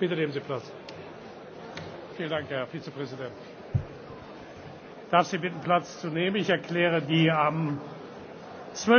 Bitte nehmen Sie Platz. Vielen Dank, Herr Vizepräsident. Ich darf Sie bitten, Platz zu nehmen. Ich erkläre die am 12.